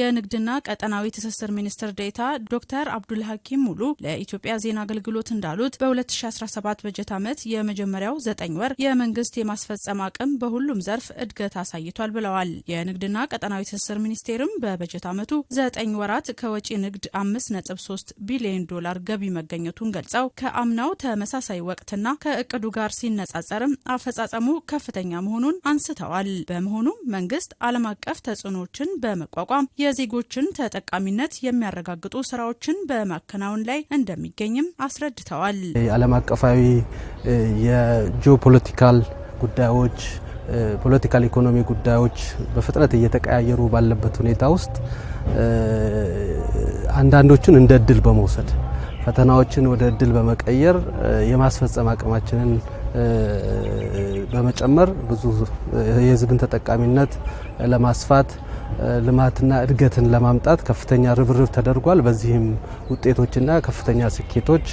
የንግድና ቀጠናዊ ትስስር ሚኒስትር ዴታ ዶክተር አብዱል ሀኪም ሙሉ ለኢትዮጵያ ዜና አገልግሎት እንዳሉት በ2017 በጀት ዓመት የመጀመሪያው ዘጠኝ ወር የመንግስት የማስፈጸም አቅም በሁሉም ዘርፍ እድገት አሳይቷል ብለዋል። የንግድና ቀጠናዊ ትስስር ሚኒስቴርም በበጀት ዓመቱ ዘጠኝ ወራት ከወጪ ንግድ 5.3 ቢሊዮን ዶላር ገቢ መገኘቱን ገልጸው ከአምናው ተመሳሳይ ወቅትና ከእቅዱ ጋር ሲነጻጸርም አፈጻጸሙ ከፍተኛ መሆኑን አንስተዋል። በመሆኑም መንግስት ዓለም አቀፍ ተጽዕኖዎችን በመቋቋም የዜጎችን ተጠቃሚነት የሚያረጋግጡ ስራዎችን በማከናወን ላይ እንደሚገኝም አስረድተዋል። የዓለም አቀፋዊ የጂኦፖለቲካል ጉዳዮች ፖለቲካል ኢኮኖሚ ጉዳዮች በፍጥነት እየተቀያየሩ ባለበት ሁኔታ ውስጥ አንዳንዶቹን እንደ እድል በመውሰድ ፈተናዎችን ወደ እድል በመቀየር የማስፈጸም አቅማችንን በመጨመር ብዙ የህዝብን ተጠቃሚነት ለማስፋት ልማትና እድገትን ለማምጣት ከፍተኛ ርብርብ ተደርጓል። በዚህም ውጤቶችና ከፍተኛ ስኬቶች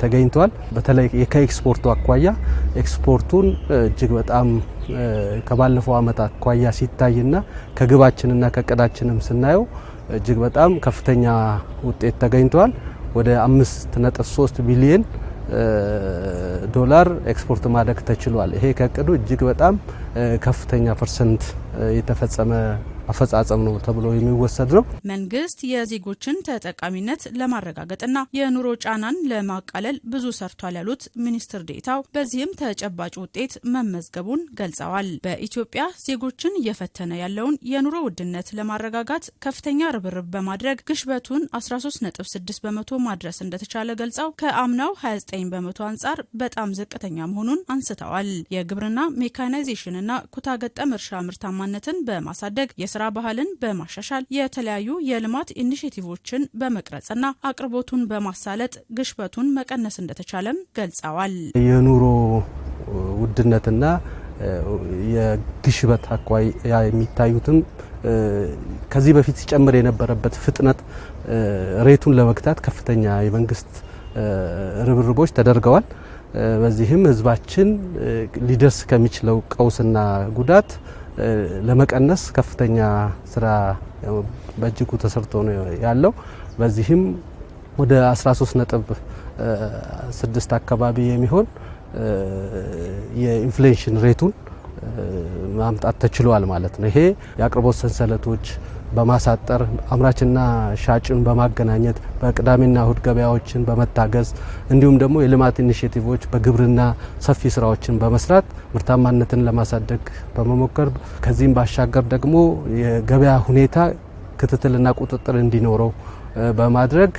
ተገኝተዋል። በተለይ ከኤክስፖርቱ አኳያ ኤክስፖርቱን እጅግ በጣም ከባለፈው ዓመት አኳያ ሲታይና ከግባችንና ከቀዳችንም ስናየው እጅግ በጣም ከፍተኛ ውጤት ተገኝተዋል። ወደ 5.3 ቢሊዮን ዶላር ኤክስፖርት ማድረግ ተችሏል። ይሄ ከቅዱ እጅግ በጣም ከፍተኛ ፐርሰንት የተፈጸመ አፈጻጸም ነው ተብሎ የሚወሰድ ነው። መንግስት የዜጎችን ተጠቃሚነት ለማረጋገጥና የኑሮ ጫናን ለማቃለል ብዙ ሰርቷል ያሉት ሚኒስትር ዴታው በዚህም ተጨባጭ ውጤት መመዝገቡን ገልጸዋል። በኢትዮጵያ ዜጎችን እየፈተነ ያለውን የኑሮ ውድነት ለማረጋጋት ከፍተኛ ርብርብ በማድረግ ግሽበቱን 13.6 በመቶ ማድረስ እንደተቻለ ገልጸው ከአምናው 29 በመቶ አንጻር በጣም ዝቅተኛ መሆኑን አንስተዋል። የግብርና ሜካናይዜሽንና ኩታገጠም እርሻ ምርታማነትን በማሳደግ የስራ ባህልን በማሻሻል የተለያዩ የልማት ኢኒሽቲቮችን በመቅረጽና አቅርቦቱን በማሳለጥ ግሽበቱን መቀነስ እንደተቻለም ገልጸዋል። የኑሮ ውድነትና የግሽበት አኳያ የሚታዩትም ከዚህ በፊት ሲጨምር የነበረበት ፍጥነት ሬቱን ለመግታት ከፍተኛ የመንግስት ርብርቦች ተደርገዋል። በዚህም ህዝባችን ሊደርስ ከሚችለው ቀውስና ጉዳት ለመቀነስ ከፍተኛ ስራ በእጅጉ ተሰርቶ ነው ያለው። በዚህም ወደ 13 ነጥብ 6 አካባቢ የሚሆን የኢንፍሌሽን ሬቱን ማምጣት ተችሏል ማለት ነው። ይሄ የአቅርቦት ሰንሰለቶች በማሳጠር አምራችና ሻጭን በማገናኘት በቅዳሜና እሁድ ገበያዎችን በመታገዝ እንዲሁም ደግሞ የልማት ኢኒሽቲቮች በግብርና ሰፊ ስራዎችን በመስራት ምርታማነትን ለማሳደግ በመሞከር ከዚህም ባሻገር ደግሞ የገበያ ሁኔታ ክትትልና ቁጥጥር እንዲኖረው በማድረግ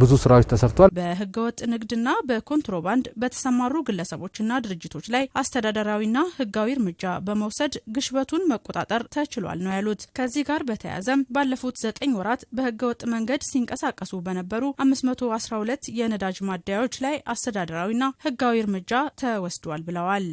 ብዙ ስራዎች ተሰርቷል። በህገወጥ ንግድና በኮንትሮባንድ በተሰማሩ ግለሰቦችና ድርጅቶች ላይ አስተዳደራዊና ህጋዊ እርምጃ በመውሰድ ግሽበቱን መቆጣጠር ተችሏል ነው ያሉት። ከዚህ ጋር በተያያዘም ባለፉት ዘጠኝ ወራት በህገወጥ መንገድ ሲንቀሳቀሱ በነበሩ 512 የነዳጅ ማደያዎች ላይ አስተዳደራዊና ህጋዊ እርምጃ ተወስዷል ብለዋል።